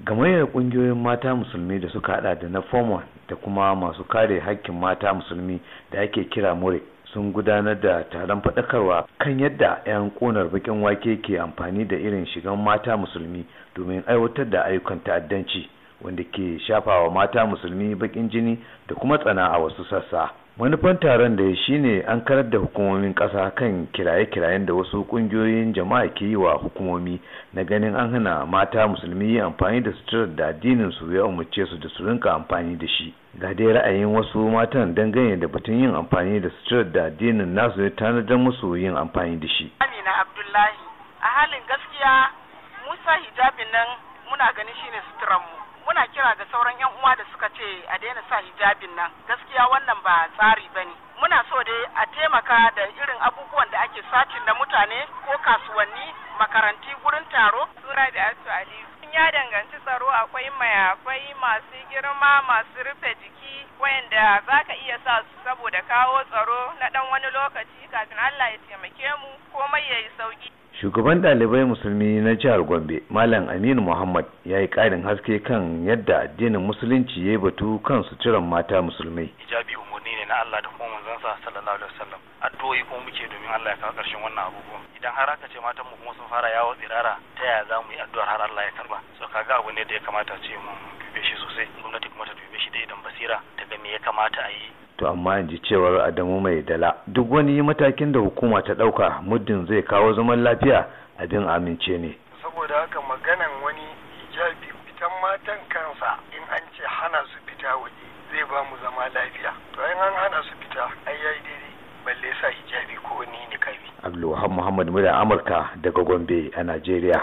gamayyar kungiyoyin mata musulmi da suka hada da na forma da kuma masu kare hakkin mata musulmi da ake kira more sun gudanar da taron faɗakarwa kan yadda 'yan ƙonar bakin wake ke amfani da irin shigan mata musulmi domin aiwatar da ayyukan ta'addanci wanda ke shafawa mata musulmi bakin jini da kuma tsana a wasu sassa manufan taron da shi ne an karar da hukumomin ƙasa kan kiraye-kirayen da wasu ƙungiyoyin jama'a ke yi wa hukumomi na ganin an hana mata musulmi yi amfani da suturar da addinin su ya umarce su da su rinka amfani da shi ga dai ra'ayin wasu matan dangane da batun yin amfani da suturar da addinin nasu ya tanadar musu yin amfani da shi amina abdullahi a halin gaskiya musa hijabin nan muna ganin shine suturar mu kira ga sauran 'yan uwa da suka ce a daina sa hijabin nan gaskiya wannan ba tsari ba ne muna so dai a taimaka da irin abubuwan da ake satin na mutane ko kasuwanni makaranti gurin taro sura da asu aliyu ya danganci tsaro akwai mayafai masu girma masu rufe jiki wayanda za ka iya sa su saboda kawo tsaro na dan wani lokaci kafin allah ya taimake mu komai ya yi sauki shugaban ɗalibai musulmi na jihar gombe malam aminu muhammad ya yi ƙarin haske kan yadda addinin musulunci ya yi batu kan suturan mata musulmai hijabi umarni ne na allah da kuma sa sallallahu alaihi wasallam addu'o'i kuma muke domin allah ya kawo ƙarshen wannan abubuwan. idan har aka ce matan mu kuma sun fara yawo tsirara ta yaya za mu yi addu'ar har allah ya karba so kaga abu ne da ya kamata ce mun dube shi sosai gwamnati kuma ta dube shi da idan basira ta ga me ya kamata a yi to amma in ji cewar adamu mai dala duk wani matakin da hukuma ta ɗauka muddin zai kawo zaman lafiya abin amince ne saboda haka maganan wani hijabi fitan matan kansa in an ce hana su fita waje zai ba mu zama lafiya to in an hana su fita ai yayi daidai balle sa hijabi ko wani ne kabi Abdulwahab Muhammad Murya Amurka daga Gombe a Najeriya